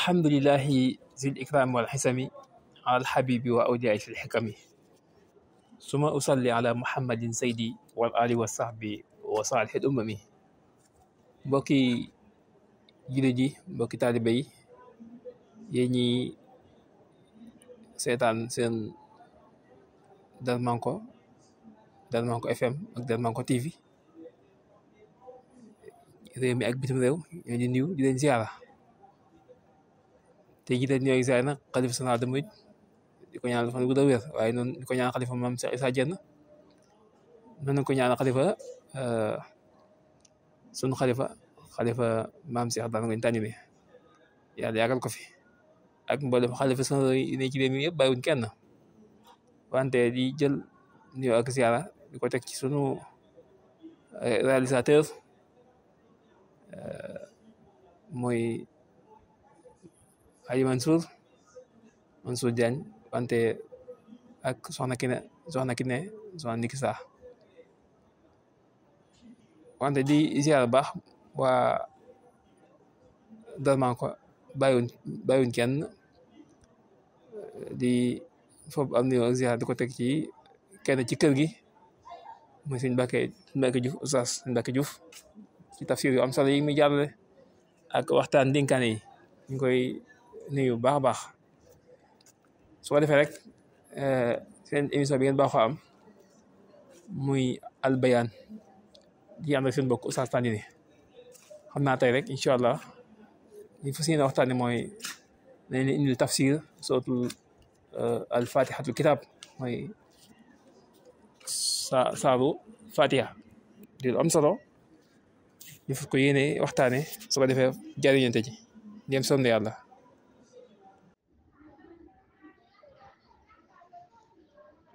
الحمد لله ذي الإكرام والحسم على الحبيب وأولياء في الحكم ثم أصلي على محمد سيدي والآل والصحب وصالح الأمم mbokki jullit yi mbokki taalibe yi yéen ñi seetaan seen Darmanko Darmanko FM ak Darmanko TV réew mi ak bitim réew ñoo di nuyu di leen ziara te jiite ñooy Isaay nag xalifa général des mourides di ko ñaanal fan wu gudd a wér waaye noonu di ko ñaanal xalifa maam Cheikh Issa Diène noonu lañ ko ñaanal xalifa sunu xalifa xalifa maam Cheikh daan ngañ tànn bi yàlla yàggal ko fi ak mboolem xalifa sunu yi ne ci réew mi yëpp bàyyiwuñ kenn wante di jël nuyoo ak ziara di ko teg ci sunu réalisateur mooy. Aji Mansour Mansour Diagne wante ak soxna Kine soxna Kine Niki Sa wante di ziar baax waa Darmanko bàyyiwuñ bàyyiwuñ kenn di foofu am nuyoo ak ziar di ko teg ci kenn ci kër gi muy suñ Mbàkke suñ Mbàkke Juuf oustaz suñ Mbàkke Juuf ci tafsir yu am solo yi muy jàllale ak waxtaan ndénkaane yi ñu Neubach. su ko defee rek seen émission bi ngeen baaxoo am muy albayaan di ànd ak seen mbokk Oustaz Tandine xam naa tey rek incha allah li fas yéene waxtaane mooy nañ leen indil tafsir sootul al fatihatul kitab mooy sa saaru fatiha di lu am solo ñu fas ko yéene waxtaane su ko defee jariñante ci ndéem soom ne yàlla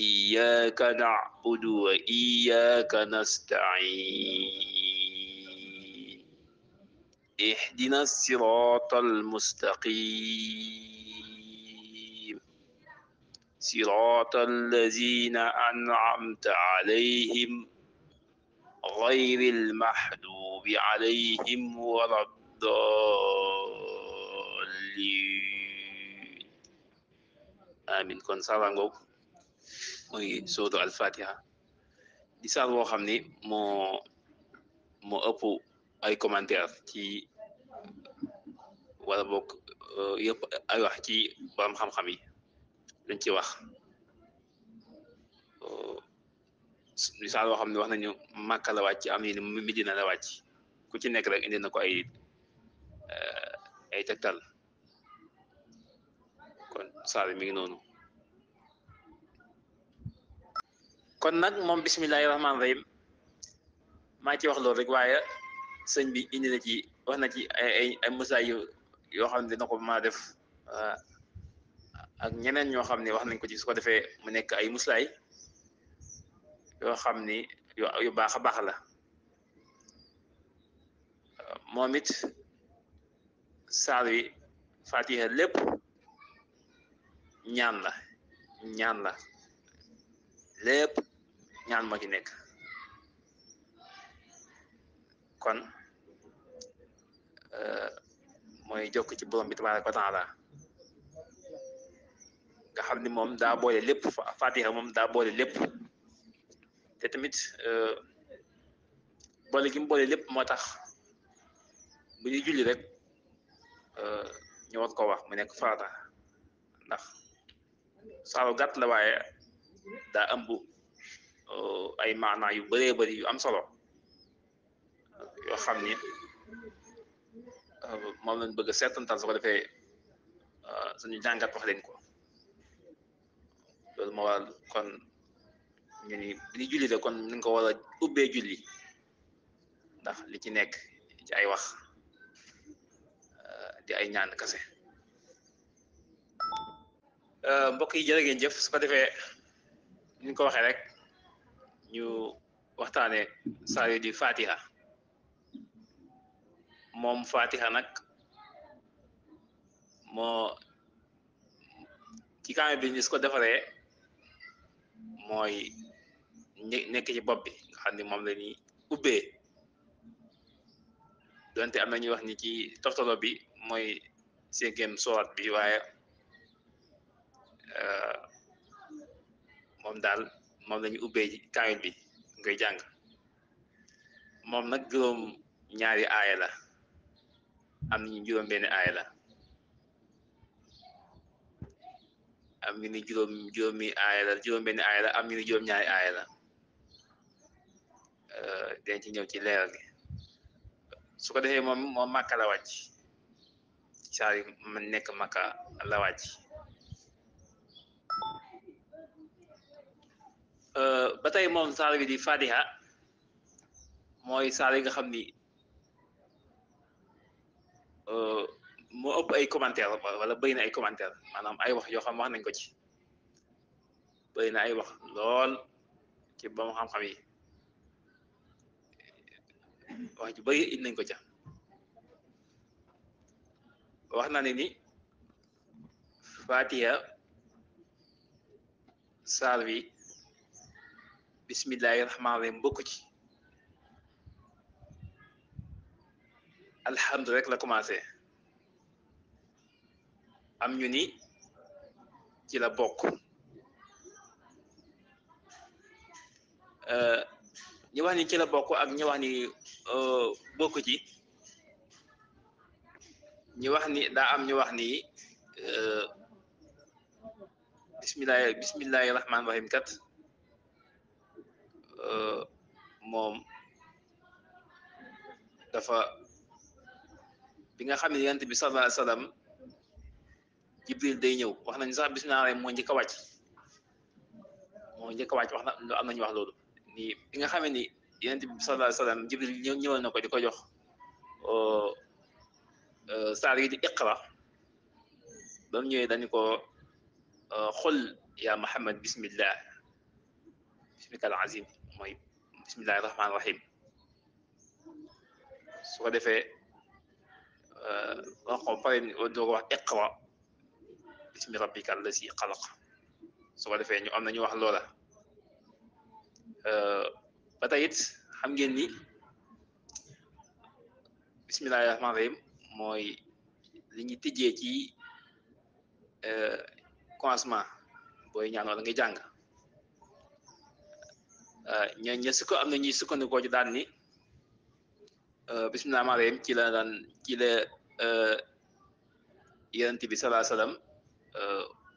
إياك نعبد وإياك نستعين اهدنا الصراط المستقيم صراط الذين أنعمت عليهم غير المحدوب عليهم ولا الضالين آمين كن سلام muy mm. sóotu alfatiha di saar woo xam ni moo moo ëpp ay commentaire ci wala bokk euh, yëpp ay wax ci borom xam-xam yi dañ ci wax di euh, saar woo xam ne wax nañu Màkka la wàcc am mi Medina la wàcc ku ci nekk rek indi na ko ay euh, ay tegtal kon saar mi ngi noonu kon nag moom bisimilahi rahmaani rahim maa ci wax loolu rek waaye sëñ bi indi na ci wax na ci ay ay musaa yoo xam ne dina ko maa def ah, ak ñeneen ñoo xam ne wax nañ ko ci soo ko defee mu nekk ay muslaay yoo xam ni yu baax a baax la moom it saar wi fatiha lépp ñaan la ñaan la lépp ñaan moo ci nekk kon euh, mooy jokk ci borom bi tabaaraka wa taala nga xam ni moom daa boole lépp fatiha moom daa boole lépp te tamit euh, boole gi boole lépp moo tax bu ñuy julli rek euh, ñu ko wax mu nekk farata ndax saaru gàtt la waaye daa ëmb ay maanaa yu baree bari yu am solo yoo xam ni moom lañ bëgg a seetantal su ko defee suñu jàngat wax leen ko loolu moo waral kon ñu ni li de kon ni ko war a ubbee julli ndax li ci nekk ci ay wax di ay ñaan kase mbokk yi jërë ngeen jëf su defee ni ko waxee rek ñu waxtaane saa di fatiha moom fatiha nag moo ci kaame bi ñu ko defaree mooy nekk ci bopp bi nga xam ni moom la ñuy ubbee donte am na ñuy wax ni ci toftalo bi mooy cinquième sourate bi waaye euh, moom daal moom lañu ubbee kaamil bi ngay jàng moom nag juróom ñaari aaya la am nañu juróom benn aaya la am ñu ni juróom juróomi aaya la la am ñu ni juróom ñaari aaya la euh, den ci ñëw ci leeral gi su ko defee moom moom la wàcc saar yi man nekk màkka la wàcc Euh, ba tey moom saar wi di fatiha mooy saar yi nga xam ni euh, moo ëpp ay commentaire wala bëri na ay commentaire maanaam ay wax yoo xam wax nañ ko ci bëri na ay wax lool ci ba xam-xam yi wax ju bëri nañ ko ca wax na ne ni fatiha saar wi bismillahi rahmaani rahim bokku ci alhamdu rek la commencé am ñu ni ci la bokk euh, ñu wax ni ci la bokk ak ñu wax ni euh, bokk ci ñu wax ni daa am ñu wax ni euh, bismillahi bismillahi rahmaani rahim kat Euh, moom dafa bi nga xam ne yonent bi sallallahu alayhi wasallam jibril day ñëw wax nañ sax bis naa moo njëkk a wàcc moo njëkk a wàcc wax na am nañu wax loolu ni bi nga xamee ni yonent bi sallallahu alayhi wasallam jibril ñëwal na ko di ko jox euh, euh, saar yi di iqra ba mu ñëwee dañu ko xol ya Muhammad bismillah bismika al azim mooy bismillahi rahmaani rahim su ko defee euh, wax ko pare doog wax iqra bismi rabbika allazi xalaq su ko defee ñu am nañu wax loola euh, ba tey it xam ngeen ni bismillahi rahmaani rahim mooy li ñu tijjee ci euh, commencement booy ñaan wala nga jàng ña eh, ña sukk am na ñuy sukkandikoo ci daan ni eh, bismillah maaleem ci la daan ci la eh, yonent bi salaa salaam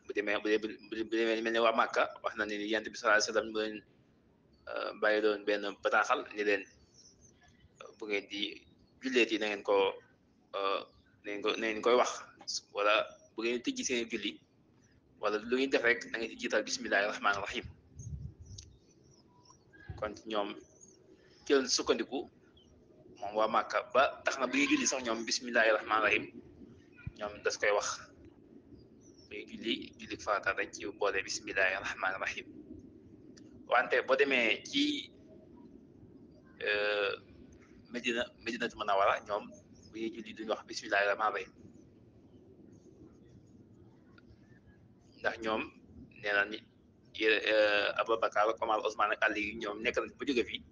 bu demee bu demee bu demee mel ne waa màkka wax na ni yonent bi salaa salaam mu leen bàyyi doon benn bataaxal ni leen bu ngeen di julleeti na ngeen ko na ngeen ko na ngeen koy wax wala bu ngeen tijji seen julli wala lu ngeen def rek na ngeen ci jiital bismillahi rahim kon ñoom ci leen sukkandiku moom waa maka ba tax na bu ñuy ñoom bismillahi rahmaani rahim ñoom das koy wax bu ñuy julli farata dañ ci boole bismillahi rahmaani rahim wante boo demee ci euh, Medina Medinatu Munawara ñoom bu ñuy julli duñu wax bismillahi rahmaani rahim ndax ñoom nee ni Aboubacar ak Omar Ousmane ak Ali ñoom nekk nañ ba jóge fii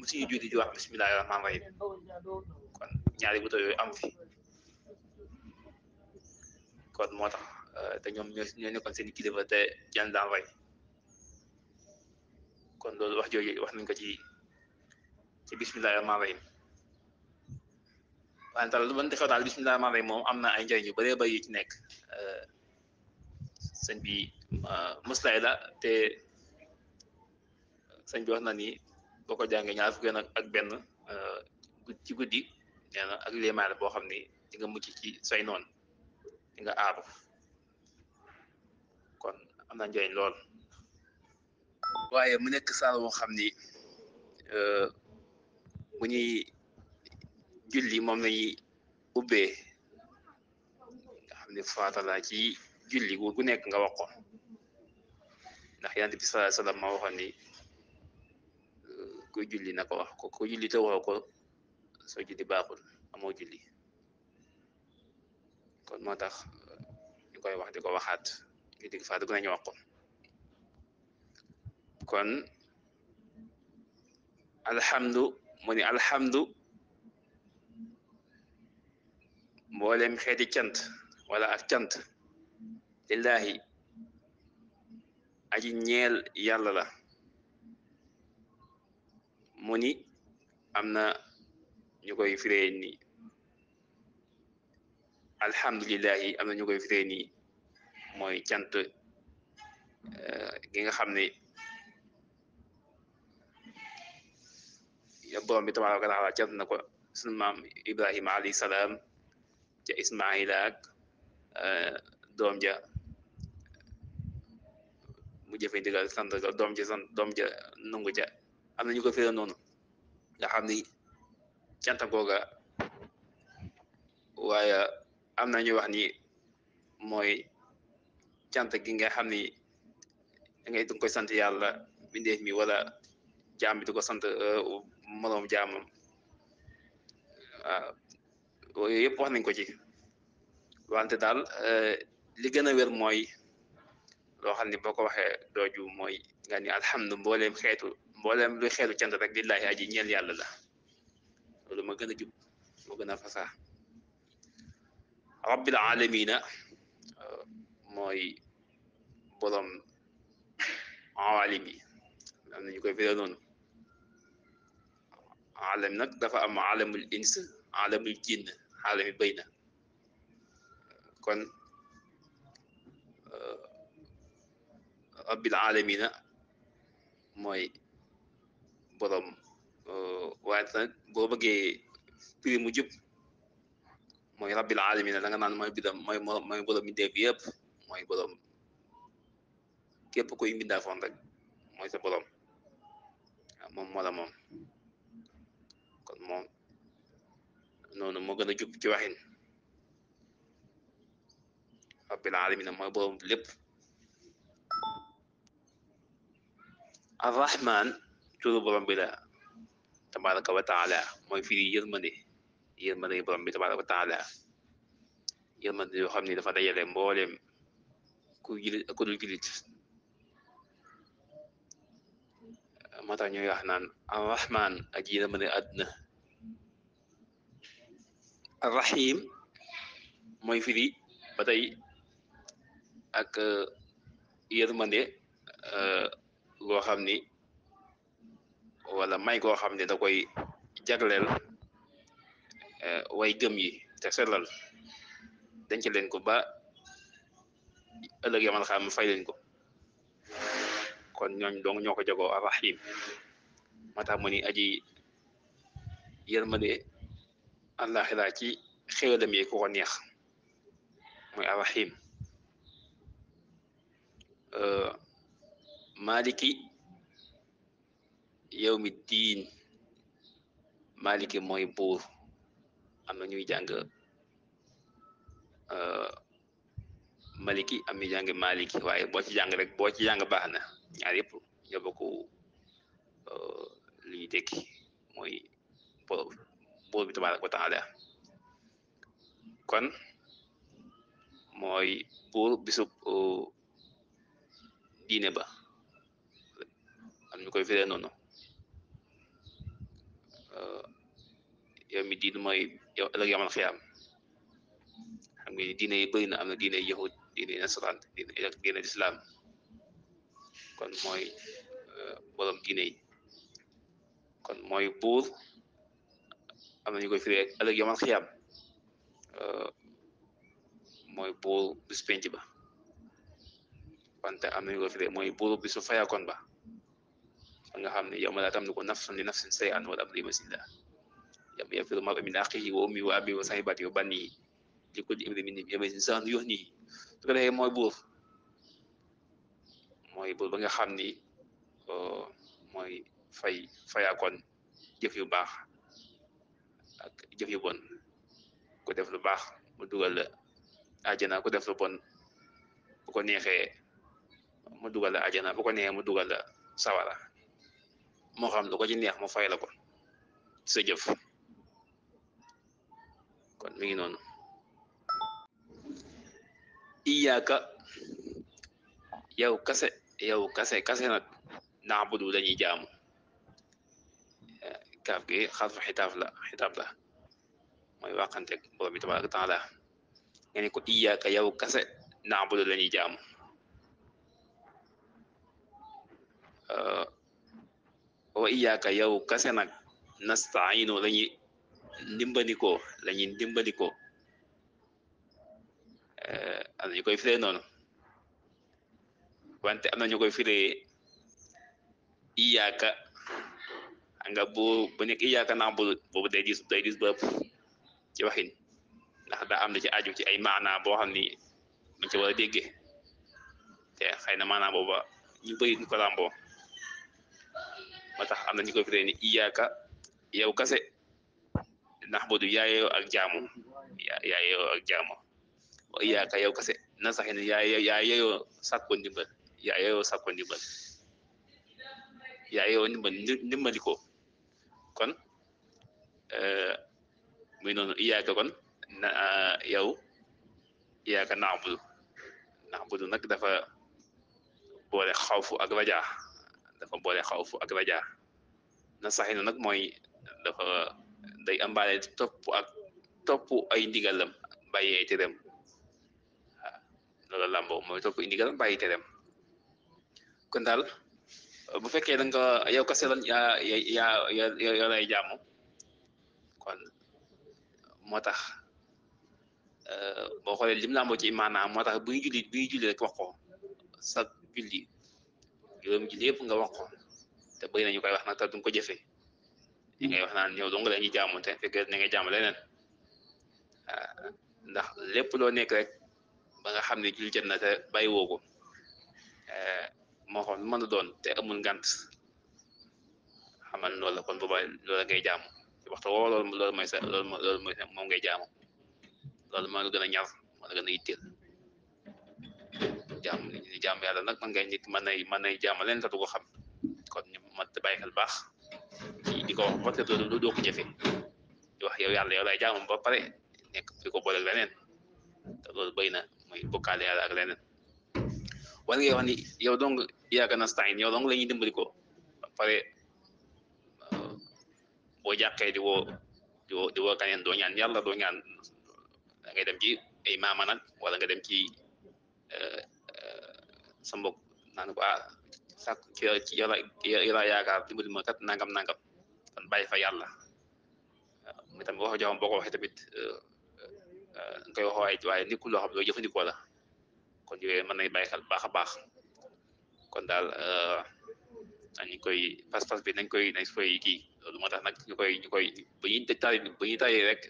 musuñu julli di wax bismillahi rahmaan rahim kon ñaari buto yooyu amu fi kon moo tax te ñoom ñoo ñoo nekkoon seen kilifa te yan daan rey kon loolu wax jooju wax nañ ko ci ci bismillahi rahmaan rahim ban di xew daal bismillahi rahmaan rahim moom am na ay njëriñ yu bëree bëri yu ci nekk sëñ bi euh, muslaay la te euh, sëñ bi na ni boo ko jàngee ñaar fukki yoon ak benn euh, ci guddi nee na ak léemaale boo xam ni di nga mucc ci say noon nga aaru kon am na njëriñ lool waaye mu nekk saar boo xam ni bu julli moom lañuy ubbee nga xam ni faatala ci julli góor gu nekk nga wax ko ndax yonent bi sallallahu alayhi wasallam ma ku julli na wax ko ku julli te waxoo ko soo julli baaxul amoo julli kon moo tax ñu koy wax ko waxaat ñu dégg faa dugg nañu wax kon alhamdu mu ni alhamdu mboolem xeeti cant wala ak cant lillahi aji ñeel yàlla la mu ni am na ñu koy firee ni alhamdulillahi am ñu koy firee ni mooy cant ki eh, nga xam ne borom bi tabaraka taala cant na ko sunu maam ibrahima salaam ca ismaila ak eh, doom ja ku jëfee ndigal doom ja sant doom ja nangu ja am na ñu ko fira noonu nga xam ni cant googa waaye am na ñu wax ni mooy cant ki nga xam ni da ngay ko sant yàlla bindeef mi wala jaam di ko sant euh, moroom jaamam waaw yooyu yëpp wax nañ ko ci wante daal euh, li gën a wér mooy loo xam ne boo ko waxee dooju mooy nga ni alhamdu mbooleem xeetu mbooleem lu xeetu cant rek lillahi aji ñeel yàlla la loolu ma gën a jub moo gën a fasaa rabbil alamina mooy borom awalim yi am nañu koy firee noonu alam nag dafa am alamul ins alamul jinn alami béy na kon rabbil alamina mooy borom euh, waaye nag boo bëggee prix mu jub mooy rabbil alamina da nga naan mooy bidam mooy mooy borom mbindeef yëpp mooy borom képp koy mbindaafoon rek mooy sa borom moom moo moom kon moom noonu moo gën a jub ci waxin rabbil alamina mooy borom lépp. arrahman turu borom bi la tabaraka wa taala mooy firi yërmande yërmande borom ta tabaraka wa taala yërmande yoo xam ne dafa dajale mbooleem ku julit ku dul julit moo tax ñuy wax aji yërmande àdduna arrahim mooy firi ba tey ak yërmande loo xam ni wala may goo xam ne da koy jagleel eh, way gëm yi te sellal denc leen ko ba ëllëg yamal xam fay leen ko kon ñooñ dong ñoo ko jagoo arrahim moo tax mu ni aji yërmande àllaaxira ci xéwalam yi ko neex mooy arrahim eh, maliki yawmi diin maliki mooy buur am na ñuy jàng euh, maliki am ñuy maliki waaye boo ci jàng rek boo ci jàng baax na ñaar yëpp ñoo bokk euh, li ñu tekki mooy buur bi tabaaraka kon mooy buur bisub euh, diine ba am ñu koy firee noonu euh, yow mi diin mooy yow ëllëg yamal xiyaam xam nga diine yi bëri na am na diine yahud diine nasaraan diine diine kon mooy euh, borom diine yi kon mooy buur am ñu koy firee ëllëg yamal xiyaam euh, mooy buur bis ba wante am na ñu koy firee mooy buur bisu fayakoon ba pengaham ni yauma la tamliku nafsun li nafsin shay'an wal amri masillah yam yafiru ma min akhihi wa ummi wa abi wa sahibati wa bani li kulli imrin minhum yawma insan yuhni su ko defee mooy buur mooy buur ba nga xamni ni mooy fay kon jëf yu bax ak jëf yu bon ko def lu bax mu dugal la aljana ko def lu bon bu ko neexee mu dugal la aljana bu ko neexee mu dugal la sawara moo xam lu ko ci neex mu fay la ko sa kon mi ngi noonu iyaaka yow kase yow kase kase nag naabudu dañuy jaamu kaaf gi xarfu xitaaf la xitaab la mooy waxanteeg borom bi tabaaraka taala nga ne ko iyaaka yow kase naabudu dañuy jaamu wa iyyaka yow kase nag nastainu la ñuy dimbalikoo la ñuy dimbalikoo eh, am nañu koy firee noonu wante am nañu koy firee iyyaka nga bu bo nekk iyyaka na'budu boobu day dis day dis bopp ci waxin ndax daa am na ci aju ci ay maana boo xam ni man ci war xëy na maanaa booba ñu bëri ñu ko ba tax am na ñu koy firee ni iyaaka yow kase naxbudu yaayoo ak jaamu yaayoo ak jaamu wa iyaaka yow kase na sax ni yaayoo sàkko ndimbal yaayoo sàkko ndimbal yaayoo ndimbal ndimbali ko kon euh, muy noonu iyaaka kon na euh, yow iyaaka naxbudu naxbudu nag dafa boole xawfu ak rajaa dafa boole xawfu ak raja na saxinu nag mooy dafa day ambaale topp ak topp ay ndigalam bàyyi ay terem loolu làmboo mooy topp ay ndigalam bàyyi terem kon daal bu fekkee da nga yow kase lan kon moo tax euh, boo xoolee lim làmboo ci maanaam moo tax buy julli buy julli rek wax ko sa juróom ji lépp nga wax ko te bëri nañu koy wax nag te duñ ko jëfee ñi ngay wax naan ñëw dong la ñuy jaamu te fekk na nga jaamu leneen ndax lépp loo nekk rek ba nga xam ne julli jot na te bàyyi woo ko moo xam lu mën a doon te amul ngant xamal loolu la kon booba loolu ngay jaamu ci waxtu woo loolu loolu mooy sa loolu loolu mooy moom ngay jaamu loolu moo la gën a ñaar moo la gën jam ya, di jam kan, jaam ya, ya, kan? nak nag man ngay nit manay manay mën nay jaamal leen xam kon ñu mat bàyyi xel bax di ko wax ba te do doo ko jefe di wax yow yalla yow lay jaamam ba pare nek fi ko bolal leneen te do bayna na muy bokkaale yàlla ak lenen wal ngay wani yow dong ya ga nastain yow dong la dimbali ko eh, ba pare bo jaxé di wo di wo di woo kaneen do ñaan yalla do ñaan da ngay dem ci ay mama nak wala nga dem ci sa mbokk naan ko a sàkk ci ci yow la yow la yaakaar dimbali ma kat nangam nangam kon bàyyi fa yàlla waaw tamit wax joxam boo ko waxee tamit nga koy wax waaye waaye nekkul loo xam jëfandikoo la kon yooyu mën nañ bàyyi xel baax a baax kon daal dañu koy pas-pas bi nañ koy nañ koy kii loolu moo tax nag ñu koy ñu koy bu ñuy tari rek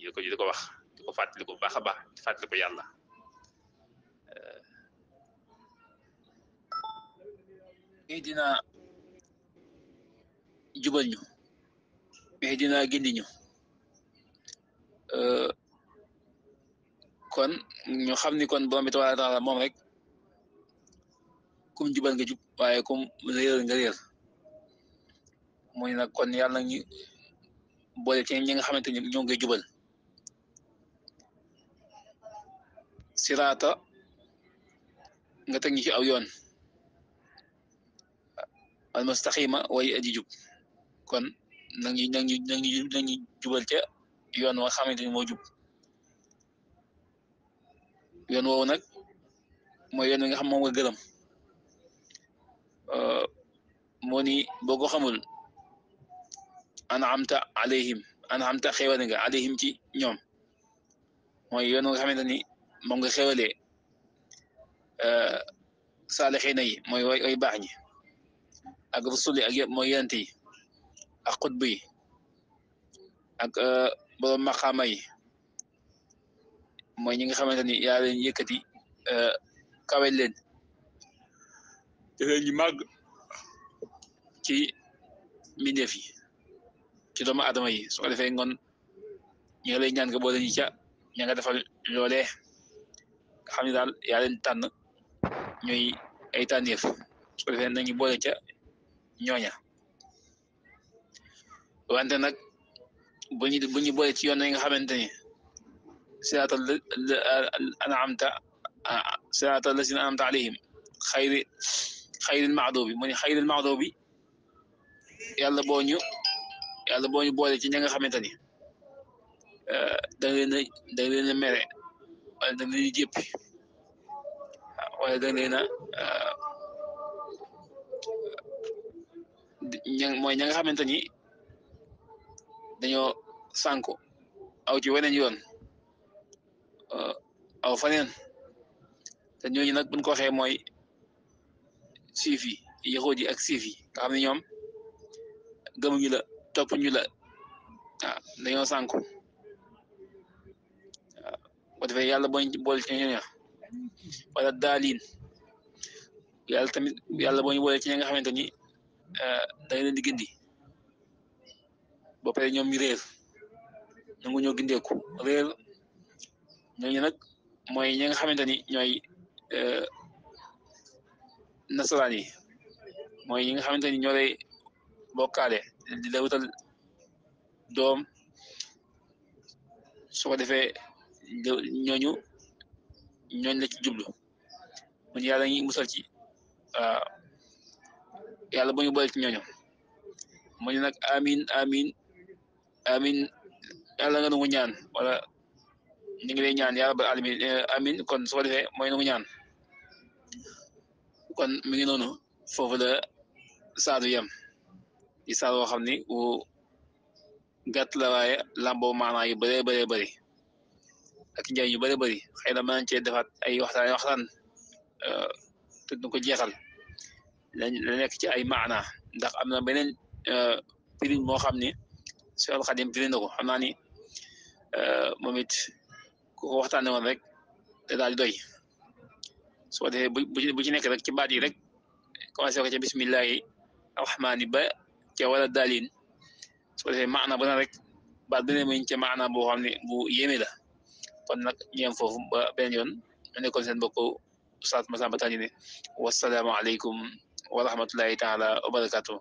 ñu ko ñu di ko wax di ko fàttali ko baax a baax di fàttali ko ihdina jubal ñu ihdina gindi ñu kon ñu xam ni kon borom bi tabaaraka taala moom rek kum jubal nga jub waaye kum réer nga réer muy nag kon yàlla ñu boole ci ñi nga xamante ni ñoo ngi jubal siraata nga teg ñu ci aw yoon almustaxima way aji jub kon nag ñu nag ñu nag ñu nag ñu jubal ca yoon wa xamante ni moo jub yoon woowu nag mooy yoon wi nga xam moom nga gërëm moo ni boo ko xamul anamta alayhim anamta xéewale nga alayhim ci ñoom mooy yoon wo xamante ni moom nga xéewalee eh, saalixiina yi mooy woy way baax ak rusul yi ak yëpp mooy yent yi ak xutb yi ak euh, borom maqaama yi mooy ñi nga xamante ni yaa leen yëkkati euh, kawe leen màgg ci mbindeef yi ci doomu aadama yi su ko defee ngoon ñu ngi lay ñaan nga boole ñu ca ña nga defal loolee xam ne daal yaa leen tànn ñuy ay tànneef ko defee nañu boole ca ñooña wante nag bu ñu bu ñu boole ci yoon yi nga xamante ni siraatal anamta siraatal lazina anamta alayhim xayri xayril maxdoobi mu ne xayril ña mooy ña nga xamante ni dañoo sànku aw ci weneen uh, aw faneen te ñooñu nag buñ ko waxee mooy siif yi yaxuud ak siif yi nga xam ne ñoom gëmuñu la toppuñu la dañoo sànku waaw yàlla boñ boole ci ñooñu wala daaliin yàlla boñ boole ci ña nga da leen di gindi ba pare réer nangu ñoo gindeeku réer ñooñu nag mooy ñi nga xamante ni ñooy e, nasaraan yi mooy ñi nga xamante ni ñoo lay bokkaale doom su ko defee ñooñu ñooñ la ci jublu mun yàlla ngi musal ci waaw yalla bu ñu boole ci ñoño mu ñu nak amin amin amin yalla nga ñu ñaan wala ñi ngi lay ñaan yalla bal alamin eh, amin kon so defé defee ñu ñaan kon mi ngi nonu fofu la saadu yam yi saadu woo xam wu gat la waaye lambo maana yu bare bare bare ak njëriñ yu bare bare xeyna ma mën nañ cee ay waxtaan waxtaan euh tuddu ko jexal lañ nekk ci ay maana ndax am na beneen pirin euh, moo xam ni Seex Xadim pirin na ko xam naa ni euh, moom it ku ko waxtaanee woon rek te daal di doy su ko defee bu ci nekk rek ci baat yi rek commencé ko ca bismillahi rahmaani ba ca wala daalin su ko defee maana bu na rek ba bu ne muñ ca maana boo xam ne bu yéeme la kon nag ñeem foofu ba beneen yoon ñu nekkoon seen mbokk Oustaz Massamba Tandine wassalaamu aleykum wa rahmatullahi taala wa barakatuh